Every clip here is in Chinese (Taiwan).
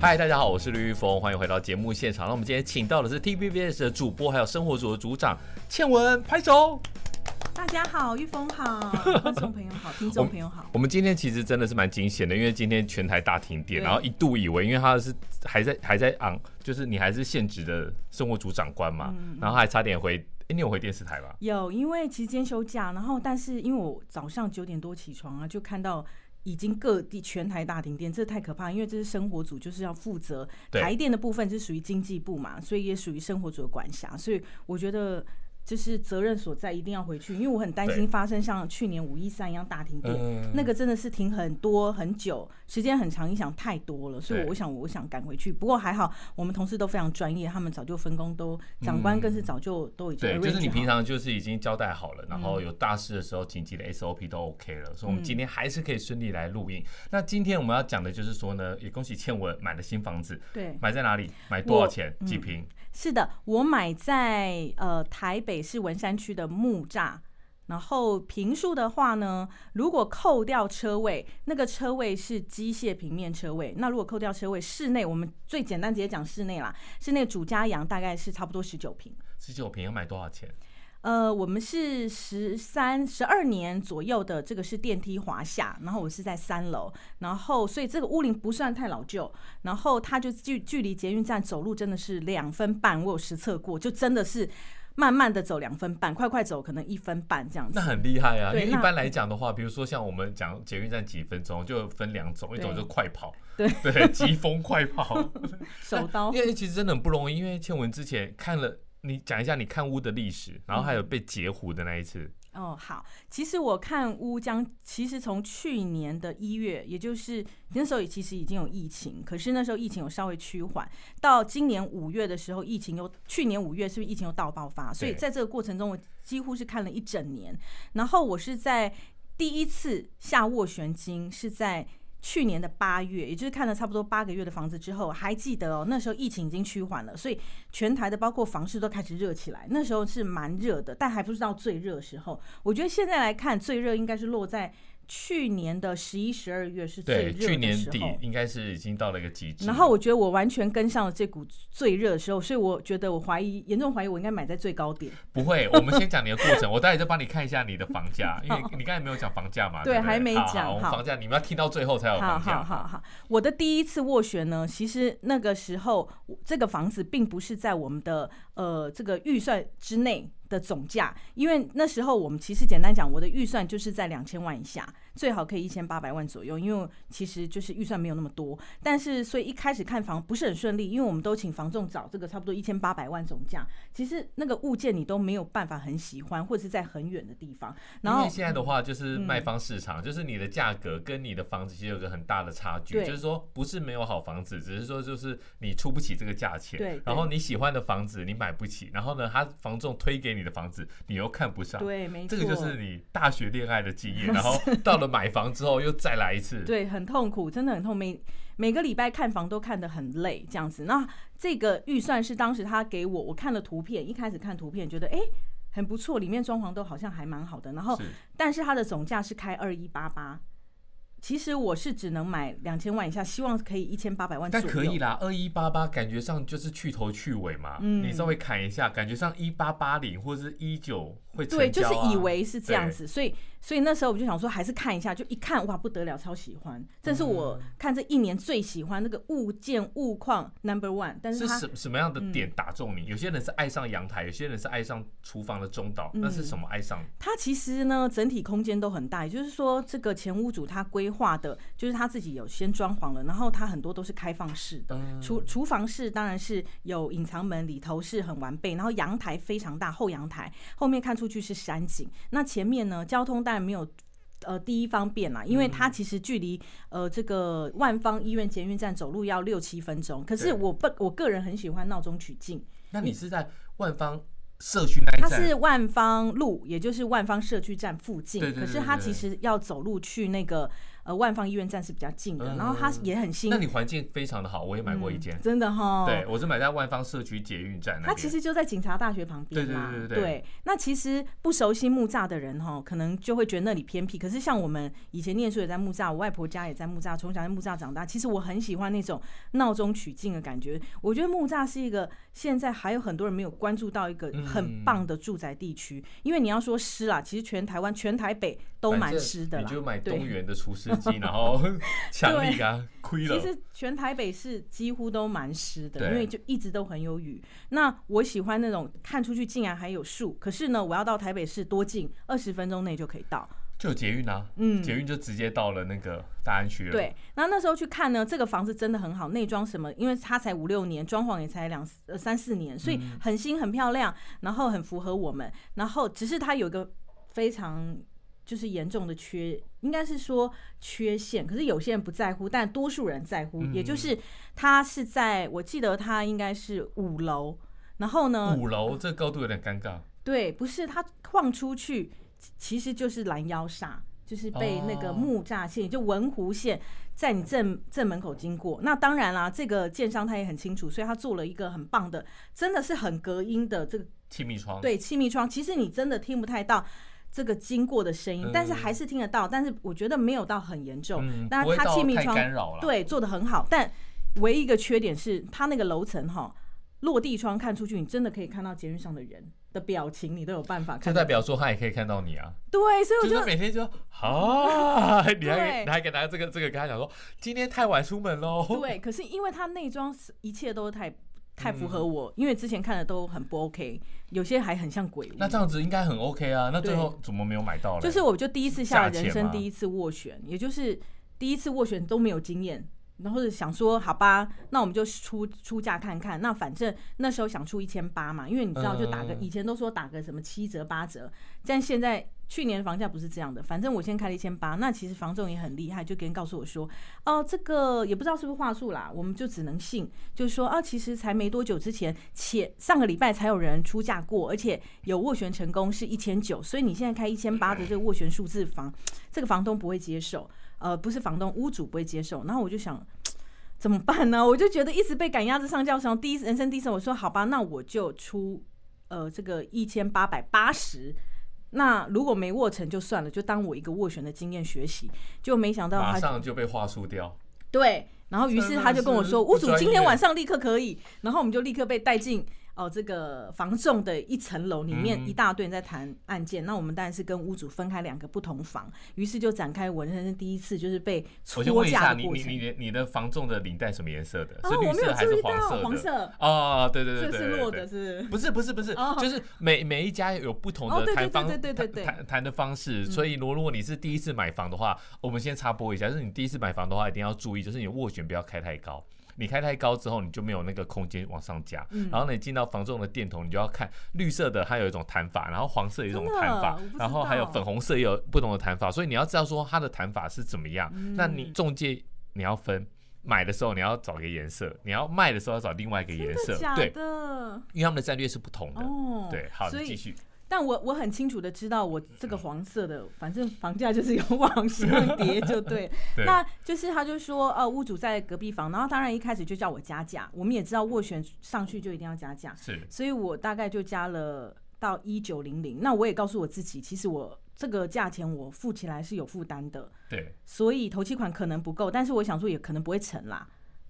嗨，大家好，我是李玉峰，歡迎回到節目現場。那我們今天請到的是 TVBS 的主播，還有生活組的組長茜雯，拍手。大家好，玉峰好，觀 眾朋友好，聽眾朋友好我。我們今天其實真的是蠻驚險的，因為今天全台大停電，然後一度以為，因為他是還在還在昂、嗯，就是你還是現職的生活組長官嘛，然後還差點回，哎、欸，你有回電視台嗎？有，因為其實今天休假，然後但是因為我早上九點多起床啊，就看到。已經各地全台大停電，這太可怕！因為這是生活組，就是要負責台電的部分，是屬於經濟部嘛，所以也屬於生活組的管轄，所以我覺得。就是責任所在，一定要回去，因為我很擔心發生像去年五一三一樣大停電，那個真的是停很多很久，時間很長，影響太多了。所以我想，我，我想趕回去。不過還好，我們同事都非常專業，他們早就分工都，長官更是早就都已經。對，就是你平常就是已經交代好了，然後有大事的時候緊急的 SOP 都 OK 了，所以我們今天還是可以順利來錄音，嗯。那今天我們要講的就是說呢，也恭喜茜雯買了新房子，對，買在哪裡？買多少錢？幾坪，嗯？是的，我買在呃台北。也是文山區的木柵，然後坪數的話呢，如果扣掉車位，那個車位是機械平面車位。那如果扣掉車位，室內我們最簡單直接講室內啦，室內主加陽，大概是差不多十九坪，十九坪要買多少錢？呃，我們是十三十二年左右的，這個是電梯華廈，然後我是在三樓，然後所以這個屋齡不算太老舊，然後它就距距離捷運站走路真的是兩分半，我有實測過，就真的是。慢慢的走兩分半，快快走可能一分半這樣子。那很厲害啊，因為一般來講的話，比如說像我們講捷運站幾分鐘，就分兩種，一種就快跑，對對，疾 風快跑， 手刀。因為其實真的很不容易，因為茜雯之前看了，你講一下你看屋的歷史，然後還有被截胡的那一次。嗯嗯哦、oh，好。其實我看屋將，其實從去年的一月，也就是那時候也其實已經有疫情，可是那時候疫情有稍微趨緩。到今年五月的時候，疫情又去年五月是不是疫情又到爆發？所以在這個過程中，我幾乎是看了一整年。然後我是在第一次下斡旋金是在。去年的八月，也就是看了差不多八個月的房子之後，還記得哦，那時候疫情已經趨緩了，所以全台的包括房市都開始熱起來。那時候是蠻熱的，但還不知道最熱的時候。我覺得現在來看，最熱應該是落在。去年的十一、十二月是最熱的時候，對，去年底應該是已經到了一個極致。然後我覺得我完全跟上了這股最熱的時候，所以我覺得我懷疑，嚴重懷疑我應該買在最高點。集集高點不會，我們先講你的過程， 我待會再幫你看一下你的房價，因為你剛才沒有講房價嘛。對，還沒講。好，我們房價你們要聽到最後才有房價。好好好好，我的第一次斡旋呢，其實那個時候這個房子並不是在我們的呃這個預算之內。的總價，因為那時候我們其實簡單講，我的預算就是在兩千萬以下。最好可以一千八百萬左右，因為其實就是預算沒有那麼多。但是所以一開始看房不是很順利，因為我們都請房仲找這個差不多一千八百萬總價，其實那個物件你都沒有辦法很喜歡，或者是在很遠的地方然後，因為現在的話就是賣方市場，嗯、就是你的價格跟你的房子其實有個很大的差距，就是說不是沒有好房子，只是說就是你出不起這個價錢。對。然後你喜歡的房子你買不起，然後呢，他房仲推給你的房子你又看不上。對，沒錯。這個就是你大學戀愛的經驗，然後到了。買房之後又再來一次，對，很痛苦，真的很痛。每每個禮拜看房都看得很累，這樣子。那這個預算是當時他給我，我看了圖片，一開始看圖片覺得、欸、很不錯，裡面裝潢都好像還蠻好的。然後是但是它的總價是開二一八八，其實我是只能買兩千萬以下，希望可以一千八百萬。但可以啦，二一八八感覺上就是去頭去尾嘛，嗯、你稍微砍一下，感覺上一八八零或者是一九。會啊、對，就是以為是這樣子，所以所以那時候我就想說，還是看一下，就一看哇，不得了，超喜歡。這是我看這一年最喜歡那個物件物況 number one。但是他什什麼樣的點打中你？嗯、有些人是愛上陽台，有些人是愛上廚房的中島、嗯，那是什麼愛上？它其實呢，整體空間都很大，也就是說，這個前屋主他規劃的，就是他自己有先裝潢了，然後他很多都是開放式的、廚廚房室當然是有隱藏門，裡頭是很完備，然後陽台非常大，後陽台後面看出。就是山景，那前面呢？交通當然沒有，呃，第一方便啦，因為它其實距離呃這個萬方醫院捷運站走路要六七分鐘。可是我不，我個人很喜歡鬧中取靜。那你是在萬方社區那一站？它是萬方路，也就是萬方社區站附近。對對對對對對，可是它其實要走路去那個。呃，萬芳醫院站是比較近的，嗯、然後它也很新。那你環境非常的好，我也買過一間、嗯，真的哈、哦。對，我是買在萬芳社區捷運站那。它其實就在警察大學旁邊嘛。對對對，對對對對。那其實不熟悉木柵的人哈、喔，可能就會覺得那裡偏僻。可是像我們以前念書也在木柵，我外婆家也在木柵，從小在木柵長大。其實我很喜歡那種鬧中取靜的感覺。我覺得木柵是一個現在還有很多人沒有關注到一個很棒的住宅地區、嗯，因為你要說濕啦，其實全台灣、全台北都蠻濕的啦。你就買東元的除濕。然後強力啊，虧了。其實全台北市幾乎都蠻濕的，因為就一直都很有雨。那我喜歡那種看出去竟然還有樹，可是呢，我要到台北市多近，二十分鐘內就可以到，就捷運啊，嗯，捷運就直接到了那個大安區了。對，那那時候去看呢，這個房子真的很好，內裝什麼，因為它才五六年，裝潢也才兩三四年，所以很新很漂亮，然後很符合我們，然後只是它有一個非常。就是嚴重的缺，應該是說缺陷。可是有些人不在乎，但多數人在乎、嗯。也就是他是在，我記得他應該是五樓。然後呢？五樓這高度有點尷尬。對，不是他晃出去，其實就是攔腰煞，就是被那個木柵線、哦，就文湖線在你正正門口經過。那當然啦、啊，這個建商他也很清楚，所以他做了一個很棒的，真的是很隔音的這個氣密窗。對，氣密窗，其實你真的聽不太到。這個經過的聲音，嗯，但是還是聽得到，但是我覺得沒有到很嚴重。嗯，那他，氣密窗，嗯，對，做的很好。但唯一一個缺點是，它那個樓層哈，落地窗看出去，你真的可以看到捷運上的人的表情，你都有辦法看到。這代表說他也可以看到你啊。對，所以我就得，就是，每天就好、啊， 你還給你還給他這個這個跟他講說，今天太晚出門嘍。對，可是因為他內裝是一切都是太。太符合我、嗯，因為之前看的都很不 OK，有些還很像鬼屋。那這樣子應該很 OK 啊，那最後怎麼沒有買到、欸？就是我就第一次下人生第一次斡旋，也就是第一次斡旋都沒有經驗，然後想說好吧，那我們就出出價看看。那反正那時候想出一千八嘛，因為你知道就打個以前都說打個什麼七折八折，但現在。去年的房價不是這樣的，反正我先開了一千八，那其實房仲也很厲害，就給人告訴我說，哦、呃，這個也不知道是不是話術啦，我們就只能信，就說啊、呃，其實才沒多久之前，且上個禮拜才有人出價過，而且有斡旋成功是一千九，所以你現在開一千八的這個斡旋數字房，這個房東不會接受，呃，不是房東屋主不會接受，然後我就想怎麼辦呢？我就覺得一直被趕鴨子上架。上，第一人生第一次，我說好吧，那我就出呃這個一千八百八十。那如果沒握成就算了，就當我一個斡旋的經驗學習。就沒想到他馬上就被話術掉。對，然後於是他就跟我說：“屋主今天晚上立刻可以。”然後我們就立刻被帶進。哦，這個房仲的一層樓裡面一大堆人在談案件。嗯，那我們當然是跟屋主分開兩個不同房，於是就展開我人生第一次就是被拖架的過程。我先問一下。啊，你你你的你的房仲的領帶什麼顏色的？啊、哦，我沒有注意到。哦，黃色，黃色。哦，對對對對，對是綠的，是。不是不是不是，哦、就是每每一家有不同的談方談談、哦、的方式，所以如如果你是第一次買房的話。嗯，我們先插播一下，就是你第一次買房的話一定要注意，就是你斡旋不要開太高。你開太高之後，你就沒有那個空間往上加、嗯。然後呢，你進到房仲的店頭，你就要看綠色的，它有一種談法，然後黃色有一種談法，然後還有粉紅色也有不同的談法。所以你要知道說它的談法是怎麼樣。嗯、那你仲介你要分買的時候你要找一個顏色，你要賣的時候要找另外一個顏色，的，對，因為他們的戰略是不同的。哦、對，好，你繼續。但我我很清楚的知道，我這個黃色的，嗯、反正房價就是有往上跌就。就 對。那就是他就說，呃，屋主在隔壁房，然後當然一開始就叫我加價。我們也知道，斡旋上去就一定要加價，是。所以我大概就加了到一九零零。那我也告訴我自己，其實我這個價錢我付起來是有負擔的，對。所以頭期款可能不夠，但是我想說也可能不會成啦。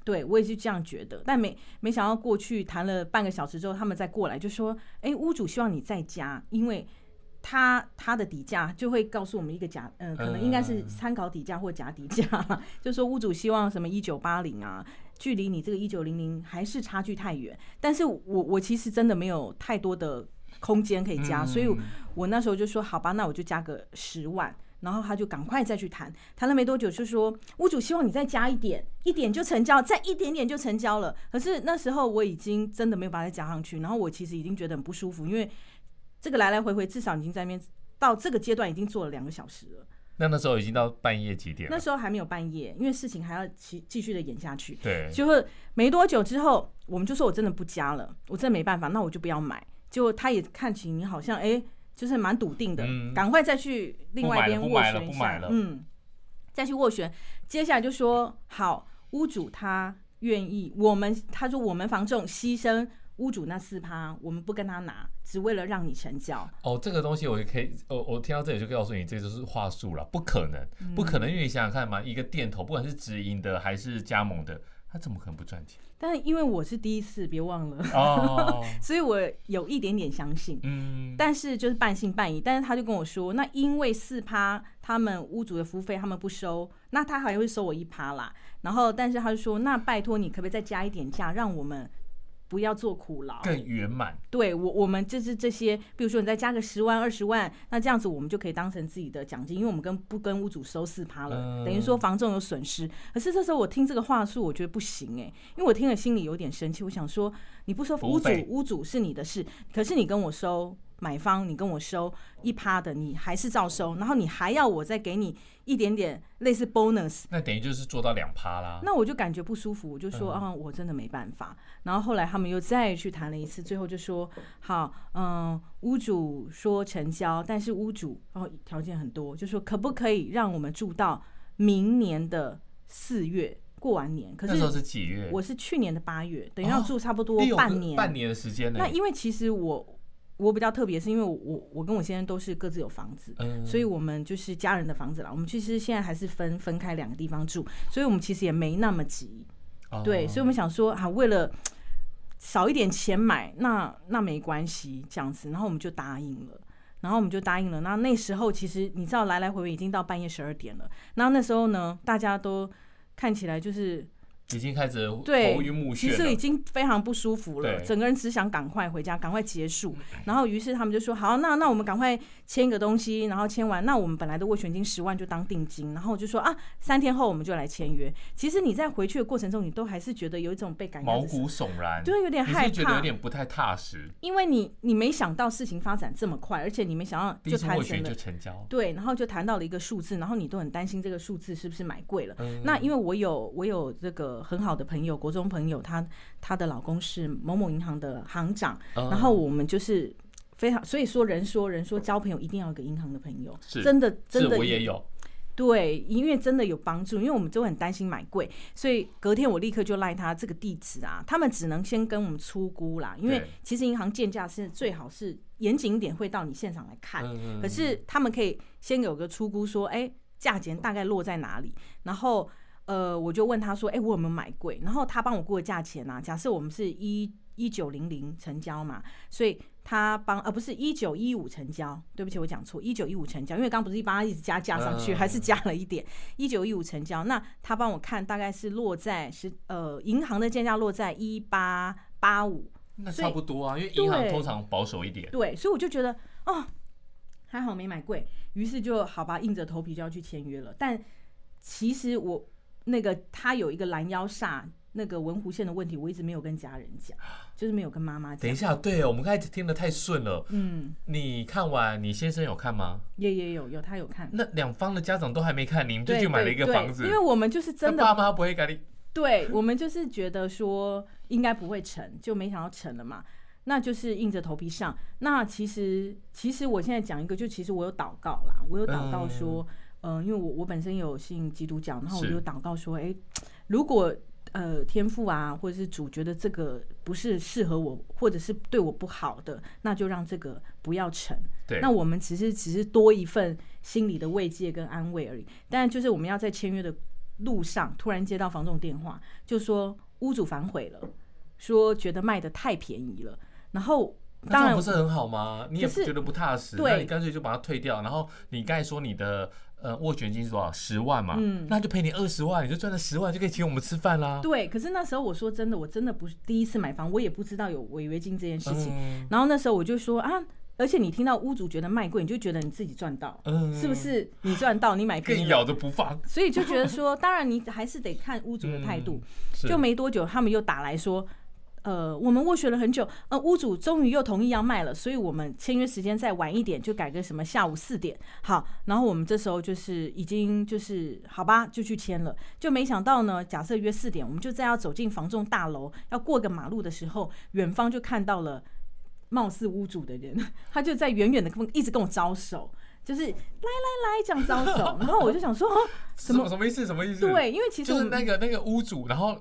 對，我也是這樣覺得，但沒沒想到過去談了半個小時之後，他們再過來就說：“哎、欸，屋主希望你再加，因為他他的底價就會告訴我們一個假，嗯、呃，可能應該是參考底價或假底價，嗯、 就說屋主希望什麼一九八零啊，距離你這個一九零零還是差距太遠。但是我我其實真的沒有太多的空間可以加，嗯、所以我，我那時候就說好吧，那我就加個十萬。”然後他就趕快再去談，談了沒多久就說，屋主希望你再加一點，一點就成交，再一點點就成交了。可是那時候我已經真的沒有辦法再加上去，然後我其實已經覺得很不舒服，因為這個來來回回至少已經在那邊，到這個階段已經做了兩個小時了。那那時候已經到半夜幾點了？那時候還沒有半夜，因為事情還要繼繼續的演下去。對，結果沒多久之後，我們就說我真的不加了，我真的沒辦法，那我就不要買。結果他也看起你好像哎。就是蠻篤定的，趕、嗯、快再去另外一邊斡旋一下，了嗯了，再去斡旋。接下來就說好，屋主他願意，我們他說我們房仲犧牲屋主那四趴，我們不跟他拿，只為了讓你成交。哦，這個東西我可以，我我聽到這裡就告訴你，這就是話術了，不可能，不可能。嗯、因為你想想看嘛，一個店頭，不管是直營的還是加盟的。他怎麼可能不賺錢？但是因為我是第一次，別忘了、Oh. 呵呵，所以我有一點點相信、嗯，但是就是半信半疑。但是他就跟我說，那因為四趴他們屋主的服務費他們不收，那他還會收我一趴啦。然後，但是他就說，那拜托你可不可以再加一點價，讓我們。不要做苦勞，更圓滿。對我，我們就是這些，比如說你再加個十萬、二十萬，那這樣子我們就可以當成自己的獎金，因為我們跟不跟屋主收四趴了、嗯，等於說房仲有損失。可是這時候我聽這個話術，我覺得不行誒、欸，因為我聽了心裡有點生氣，我想說，你不說屋主，屋主是你的事，可是你跟我收。買方，你跟我收一趴的，你還是照收，然後你還要我再給你一點點類似 bonus，那等於就是做到兩趴啦。那我就感覺不舒服，我就說啊、嗯，我真的沒辦法。然後後來他們又再去談了一次，最後就說，好，嗯，屋主說成交，但是屋主哦條件很多，就說可不可以讓我們住到明年的四月過完年？可是，是那時候是幾月？我是去年的八月，等於要住差不多半年，哦、半年的時間呢、欸。那因為其實我。我比較特別，是因為我我跟我先生都是各自有房子。嗯，所以我們就是家人的房子啦。我們其實現在還是分分開兩個地方住，所以我們其實也沒那麼急。哦。對，所以我們想說，啊，為了少一點錢買，那那沒關係，這樣子。然後我們就答應了，然後我們就答應了。那那時候其實你知道，來來回回已經到半夜十二點了。那那時候呢，大家都看起來就是。已經開始頭暈目眩，其實已經非常不舒服了，整個人只想趕快回家，趕快結束。然後，於是他們就說：“好，那那我們趕快簽一個東西。”然後簽完，那我們本來的斡旋金十萬就當定金。然後就說：“啊，三天後我們就來簽約。”其實你在回去的過程中，你都還是覺得有一種被感覺，毛骨悚然，對，有點害怕，覺得有點不太踏實，因為你你沒想到事情發展這麼快，而且你沒想到就談成了，斡旋就成交了。對，然後就談到了一個數字，然後你都很擔心這個數字是不是買貴了？嗯。那因為我有我有這個。很好的朋友，國中朋友，她她的老公是某某銀行的行長、嗯，然後我們就是非常，所以說人說人說交朋友一定要給銀行的朋友，是真的真的也是我也有，對，因為真的有幫助，因為我們都很擔心買貴，所以隔天我立刻就 Line 他這個地址啊，他們只能先跟我們初估啦，因為其實銀行鑑價是最好是嚴謹一點，會到你現場來看、嗯，可是他們可以先有個初估說，哎、欸，價錢大概落在哪裡，然後。呃，我就問他說：“哎、欸，我有沒有買貴？”然後他幫我估的價錢啊，假設我們是一一九零零成交嘛，所以他幫呃，不是一九一五成交，對不起我講錯，一九一五成交，因為剛不是幫他一直加加上去、呃，還是加了一點，一九一五成交，那他幫我看大概是落在是呃銀行的建價落在一八八五，那差不多啊，因為銀行通常保守一點，對，對所以我就覺得哦，還好沒買貴，於是就好吧，硬着頭皮就要去簽約了，但其實我。那個他有一個攔腰煞，那個文湖線的問題，我一直沒有跟家人講、啊，就是沒有跟媽媽講。等一下，對，我們剛才聽得太順了。嗯，你看完，你先生有看嗎？也也有，有，他有看。那兩方的家長都還沒看，你們就去買了一個房子，因為我們就是真的爸媽不會給你。對，我們就是覺得說應該不會成，就沒想到，成了嘛， 那就是硬着頭皮上。那其實，其實我現在講一個，就其實我有禱告啦，我有禱告說。嗯嗯、呃，因為我我本身有信基督教，然後我就禱告說，哎、欸，如果呃天父啊，或者是主覺得這個不是適合我，或者是對我不好的，那就讓這個不要成。對，那我們只是只是多一份心理的慰藉跟安慰而已。但是，就是我們要在簽約的路上，突然接到房仲電話，就說屋主反悔了，說覺得賣得太便宜了。然後當然不是很好嘛，你也不覺得不踏實，那你乾脆就把它退掉。然後你剛才說你的。呃，斡旋金是多少？十萬嘛，嗯、那就賠你二十萬，你就賺了十萬，就可以請我們吃飯啦。對，可是那時候我說真的，我真的不是第一次買房，我也不知道有違約金這件事情、嗯。然後那時候我就說啊，而且你聽到屋主覺得賣貴，你就覺得你自己賺到、嗯，是不是？你賺到，你買更咬着不放，所以就覺得說， 當然你還是得看屋主的態度、嗯。就沒多久，他們又打來說。呃，我們斡旋了很久，呃，屋主終於又同意要賣了，所以我們簽約時間再晚一點，就改個什麼下午四點，好，然後我們這時候就是已經就是好吧，就去簽了，就沒想到呢，假設約四點，我們就在要走進房仲大樓要過個馬路的時候，遠方就看到了貌似屋主的人， 他就在遠遠的跟一直跟我招手，就是來來來這樣招手， 然後我就想說、哦、什麼什麼意思？什麼意思？對，因為其實就是那個那個屋主，然後。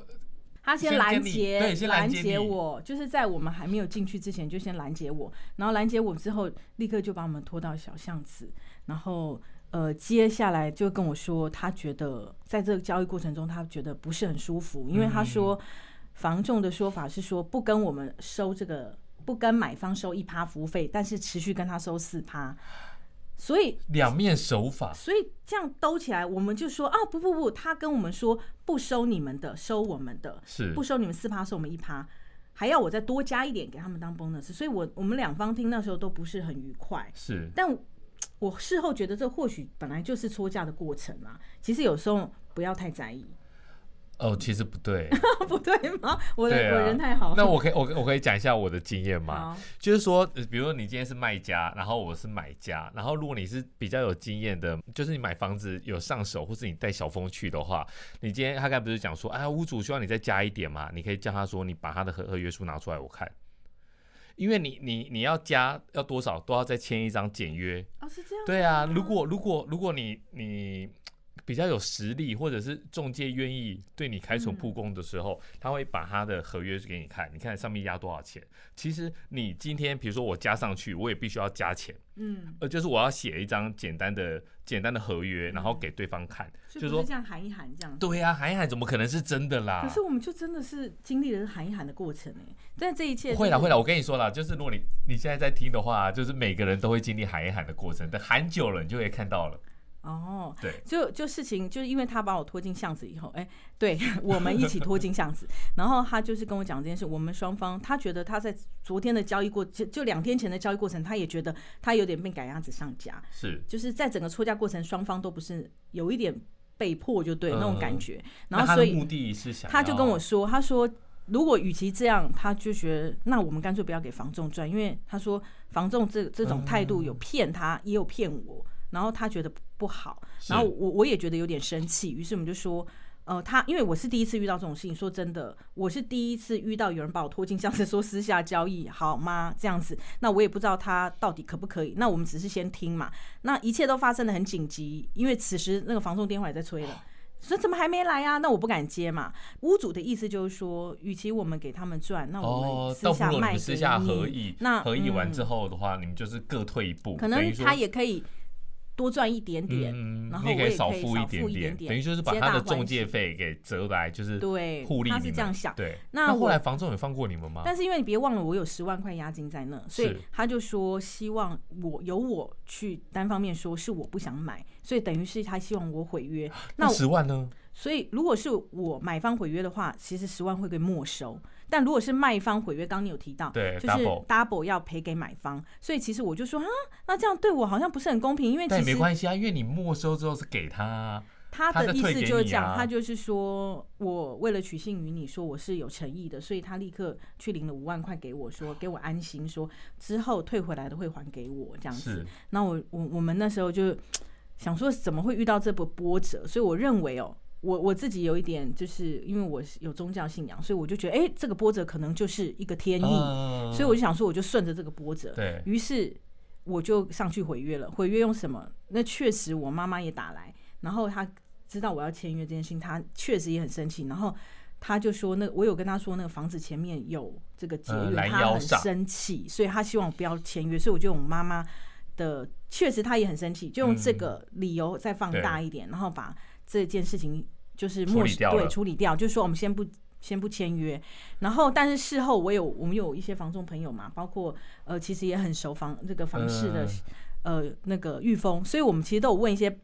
他先攔截，攔截我，就是在我們還沒有進去之前就先攔截我，然後攔截我之後立刻就把我們拖到小巷子，然後呃接下來就跟我說，他覺得在這個交易過程中他覺得不是很舒服，因為他說房仲的說法是說不跟我們收這個，不跟買方收一趴服務費，但是持續跟他收四趴。所以兩面手法，所以這樣兜起來，我們就說啊、哦，不不不，他跟我們說不收你們的，收我們的，是不收你們四趴，收我們一趴，還要我再多加一點給他們當 bonus。所以我，我我們兩方聽那時候都不是很愉快，是。但我事後覺得這或許本來就是搓價的過程嘛、啊，其實有時候不要太在意。哦，其實不對， 不對嗎？我的、啊、我人太好了。那我可以我我可以講一下我的經驗嗎？ 就是說，比如說你今天是賣家，然後我是買家，然後如果你是比較有經驗的，就是你買房子有上手，或者你帶小峰去的話，你今天他剛才不是講說，哎，屋主需要你再加一點嘛？你可以叫他說，你把他的合，合約書拿出來我看，因為你你你要加要多少，都要再簽一張簡約。哦，是這樣。對啊，如果如果如果你你。比較有實力，或者是中介願意對你開誠布公的時候，嗯，他會把他的合約給你看，你看上面壓多少錢？其實你今天，比如說我加上去，我也必須要加錢，嗯，呃，就是我要寫一張簡單的、簡單的合約，然後給對方看，嗯，就是說是這樣喊一喊這樣。對呀，啊，喊一喊怎麼可能是真的啦？可是我們就真的是經歷了喊一喊的過程呢。欸，但這一切，就是，會了會了，我跟你說了，就是如果你你現在在聽的話，就是每個人都會經歷喊一喊的過程，但喊久了你就會看到了。哦，對就，就就事情就是因為他把我拖進巷子以後，哎、欸，對我們一起拖進巷子， 然後他就是跟我講這件事。我們雙方，他覺得他在昨天的交易過就就兩天前的交易過程，他也覺得他有點被趕鴨子上架，是，就是在整個出價過程，雙方都不是有一點被迫就對、嗯、那種感覺。然後所以他他就跟我說，他說如果與其這樣，他就覺得那我們乾脆不要給房仲賺，因為他說房仲這這種態度有騙他、嗯，也有騙我，然後他覺得。不好，然後我我也覺得有點生氣，於是我們就說，呃，他因為我是第一次遇到這種事情，說真的，我是第一次遇到有人把我拖進箱子，說私下交易好嗎？這樣子，那我也不知道他到底可不可以，那我們只是先聽嘛。那一切都發生得很緊急，因為此時那個房東電話也在催了、哦，說怎麼還沒來啊？那我不敢接嘛。屋主的意思就是說，與其我們給他們賺，那我們私下賣、哦、你們私下合議，那合議完之後的話、嗯，你們就是各退一步，可能他也可以。多賺一點點，嗯、然後我也可以少付一點點，你也可以少付一點點，等於就是把他的中介費給折來，就是對，他是這樣想。對，那後來房仲有放過你們嗎？但是因為你別忘了，我有十萬塊押金在那，所以他就說希望我由我去單方面說是我不想買，所以等於是他希望我毀約。那十萬呢？所以，如果是我買方毀約的話，其實十萬會被沒收。但如果是賣方毀約，剛你有提到，對，就是 double 要賠給買方。所以其實我就說，啊，那這樣對我好像不是很公平，因為其實沒關係啊，因為你沒收之後是給他，他的意思就是這樣，他就是說我為了取信於你，說我是有誠意的，所以他立刻去領了五萬塊給我說，說給我安心說，說之後退回來的會還給我這樣子。那我我我們那時候就想說，怎麼會遇到這波波折？所以我認為哦。我我自己有一點，就是因為我有宗教信仰，所以我就覺得，哎、欸，這個波折可能就是一個天意，哦、所以我就想說，我就順着這個波折。對。於是我就上去毀約了。毀約用什麼？那確實，我媽媽也打來，然後她知道我要簽約這件事情，她確實也很生氣。然後她就說那，那我有跟她說，那個房子前面有這個結緣，嗯、她很生氣、嗯，所以她希望我不要簽約。所以我就用媽媽的確實她也很生氣，就用這個理由再放大一點，嗯、然後把。這件事情就是默對處理掉，就是說我們先不先不簽約，然後但是事後我有我們有一些房仲朋友嘛，包括呃其實也很熟房那、這個房市的、嗯、呃那個裕豐，所以我們其實都有問一些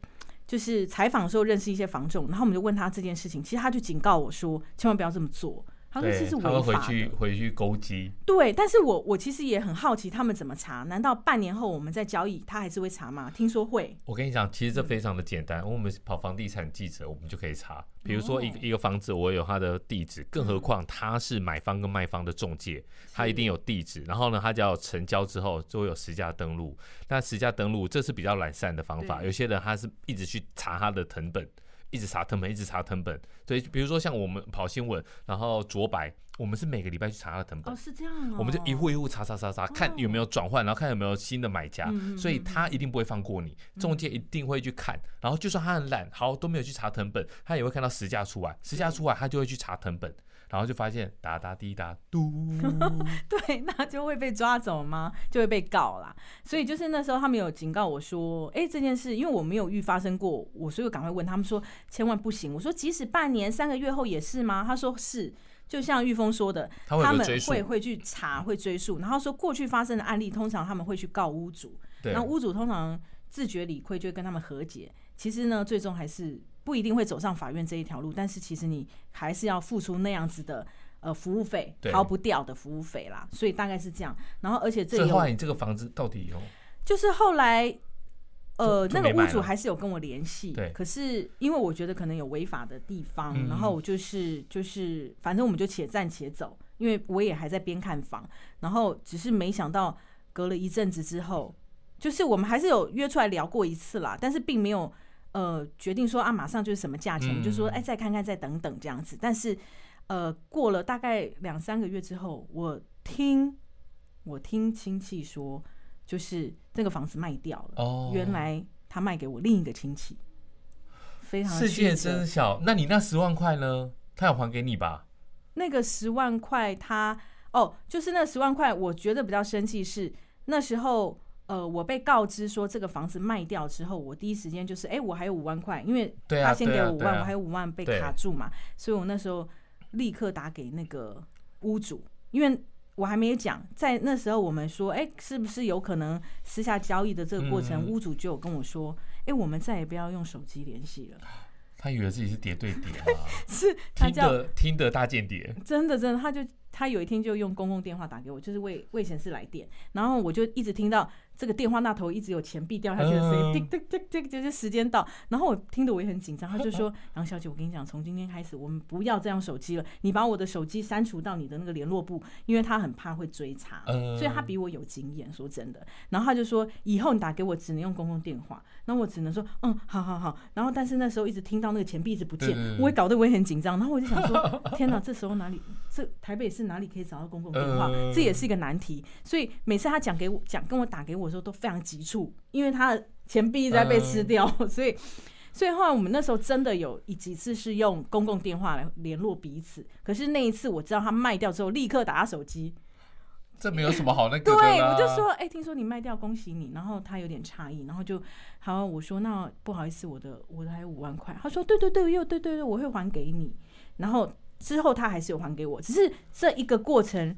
就是採訪的時候認識一些房仲，然後我們就問他這件事情，其實他就警告我說千萬不要這麼做。他說，這是違法，回，回去回去勾稽。對，但是我我其實也很好奇，他們怎麼查？難道半年後我們再交易，他還是會查嗎？聽說會。我跟你講，其實這非常的簡單，嗯、我們跑房地產記者，我們就可以查。比如說一個一個房子，我有他的地址，哦、更何況他是買方跟賣方的中介，他、嗯、一定有地址。然後呢，他就要成交之後，就會有實價登錄。那實價登錄這是比較懶散的方法，有些人他是一直去查他的成本。一直查謄本，一直查謄本，對，比如說像我們跑新聞，然後卓白，我們是每個禮拜去查他的謄本、哦。是這樣、哦、我們就一戶一戶查查查查，哦、看有沒有轉換，然後看有沒有新的買家、嗯。所以他一定不會放過你，中介一定會去看。嗯、然後就算他很懶，好都沒有去查謄本，他也會看到實價出來，實價出來他就會去查謄本。然後就發現噠噠滴噠嘟， 對，那就會被抓走嗎？就會被告啦。所以就是那時候他們有警告我說，哎、欸，這件事因為我沒有遇發生過，我所以我趕快問他們說，千萬不行！我說即使半年、三個月後也是嗎？他說是，就像玉峰說的，他們有沒有追溯？他們會，會去查，會追溯。然後說過去發生的案例，通常他們會去告屋主，對。然後屋主通常自覺理虧，就會跟他們和解。其實呢，最終還是。不一定會走上法院這一條路，但是其實你還是要付出那樣子的呃服務費，逃不掉的服務費啦。所以大概是這樣。然後而且這一，這話你這個房子到底有，就是後來呃、啊，那個屋主還是有跟我聯繫，對。可是因為我覺得可能有違法的地方，然後就是就是，反正我們就且戰且走，因為我也還在邊看房。然後只是沒想到隔了一陣子之後，就是我們還是有約出來聊過一次啦，但是並沒有。呃，決定說啊，馬上就是什麼價錢，嗯、就是說，哎，再看看，再等等這樣子。但是，呃，過了大概兩三個月之後，我聽我聽親戚說，就是這個房子賣掉了。哦，原來他賣給我另一個親戚。非常，世界真小。那你那十萬塊呢？他有還給你吧？那個十萬塊，他哦，就是那十萬塊，我覺得比較生氣是那時候。呃，我被告知說這個房子賣掉之後，我第一時間就是，哎、欸，我還有五萬塊，因為他先給我五萬、啊啊啊啊，我還有五萬被卡住嘛，所以我那時候立刻打給那個屋主，因為我還沒有講，在那時候我們說，哎、欸，是不是有可能私下交易的這個過程，嗯、屋主就有跟我說，哎、欸，我們再也不要用手機聯繫了。他以為自己是諜對諜、啊、 是他叫聽得，聽得大間諜，真的真的，他就他有一天就用公共電話打給我，就是未未顯示來電，然後我就一直聽到。這個電話那頭一直有錢幣掉下去的聲音、呃，就是時間到。然後我聽得我也很緊張，他就說：“楊 小姐，我跟你講，從今天開始我們不要再用手機了，你把我的手機刪除到你的那個聯絡簿，因為他很怕會追查。呃”所以他比我有經驗，說真的。然後他就說：“以後你打給我只能用公共電話。”那我只能說：“嗯，好好好。”然後但是那時候一直聽到那個錢幣一直不見，對對對，我也搞得我也很緊張。然後我就想說：“ 天哪，這時候哪裡？”是台北是哪裡可以找到公共電話、嗯？這也是一個難題。所以每次他講給我講跟我打給我的時候都非常急促，因為他的錢幣一直在被吃掉、嗯。所以，所以後來我們那時候真的有一幾次是用公共電話來聯絡彼此。可是那一次我知道他賣掉之後，立刻打他手機。這沒有什麼好那個的。 對，我就說，哎、欸，聽說你賣掉，恭喜你。然後他有點詫異，然後就好，我說那我不好意思，我的我的還有五萬塊。他說，對對對，又對對對，我會還給你。然後。之後他還是有還給我，只是這一個過程。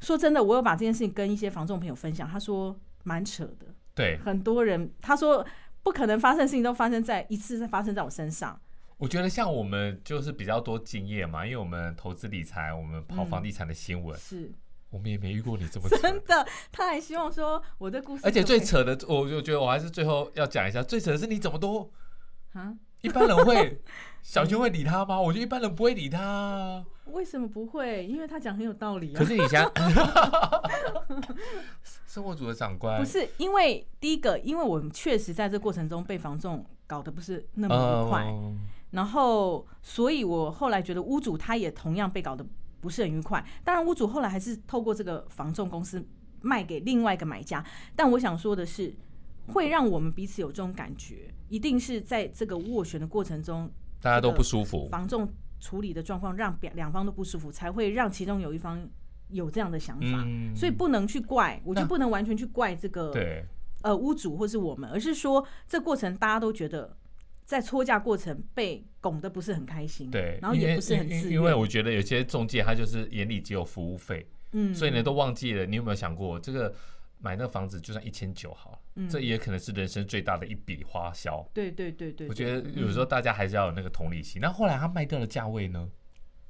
說真的，我有把這件事情跟一些房仲朋友分享，他說蠻扯的。對，很多人他說不可能發生的事情都發生在一次，發生在我身上。我覺得像我們就是比較多經驗嘛，因為我們投資理財，我們跑房地產的新聞、嗯，是我們也沒遇過你這麼扯。真的。他還希望說我的故事，而且最扯的，我就覺得我還是最後要講一下，最扯的是你怎麼都、啊 一般人會小軍會理他嗎？嗯、我覺得一般人不會理他。啊。為什麼不會？因為他講很有道理啊。可是你想 生活組的長官不是因為第一個，因為我們確實在這過程中被房仲搞得不是那麼愉快。嗯、然後，所以我後來覺得屋主他也同樣被搞得不是很愉快。當然，屋主後來還是透過這個房仲公司賣給另外一個買家。但我想說的是，會讓我們彼此有這種感覺。一定是在這個斡旋的過程中，大家都不舒服，房仲處理的狀況讓兩方都不舒服，才會讓其中有一方有這樣的想法。嗯，所以不能去怪，我就不能完全去怪這個對，呃，屋主或是我們，而是說這過程大家都覺得在撮價過程被拱得不是很開心，對，然後也不是很自由，因為我覺得有些中介他就是眼裡只有服務費，嗯，所以呢都忘記了，你有沒有想過這個？買那個房子就算一千九好了，嗯，這也可能是人生最大的一筆花銷。對，對對對對，我覺得有時候大家還是要有那個同理心。那、嗯、後，後來他賣掉了價位呢？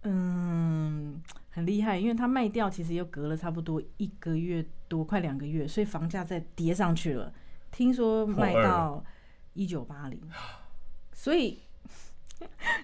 嗯，很厲害，因為他賣掉其實又隔了差不多一個月多，快兩個月，所以房價再跌上去了。聽說賣到一九八零，所以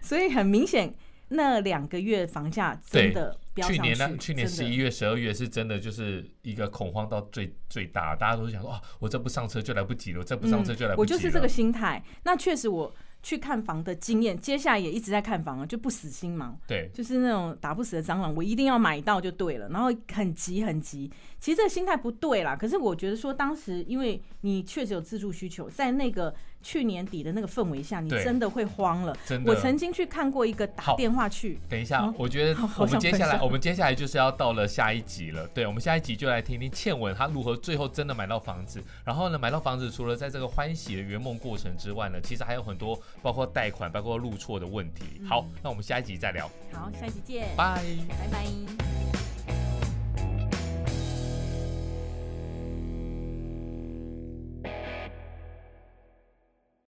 所以很明顯那兩個月房價真的。去年呢，去年十一月、十二月是真的，就是一個恐慌到最最大，大家都是想說哦、啊，我這不上車就來不及了，我這不上車就來不及。我就是這個心態、嗯。那確實，我去看房的經驗、嗯，接下來也一直在看房啊，就不死心嘛。對，就是那種打不死的蟑螂，我一定要買到就對了。然後很急很急，其實這個心態不對啦。可是我覺得說，當時因為你確實有自住需求，在那個去年底的那個氛圍下，你真的會慌了。真的。我曾經去看過一個打電話去，等一下，哦、我覺得好好好我們接下來。 我們接下來就是要到了下一集了，對，我們下一集就來聽聽茜雯他如何最後真的買到房子，然後呢，買到房子除了在這個歡喜的圓夢過程之外呢，其實還有很多包括貸款、包括入錯的問題。好，那我們下一集再聊。嗯 Bye、好，下一集見。拜拜拜。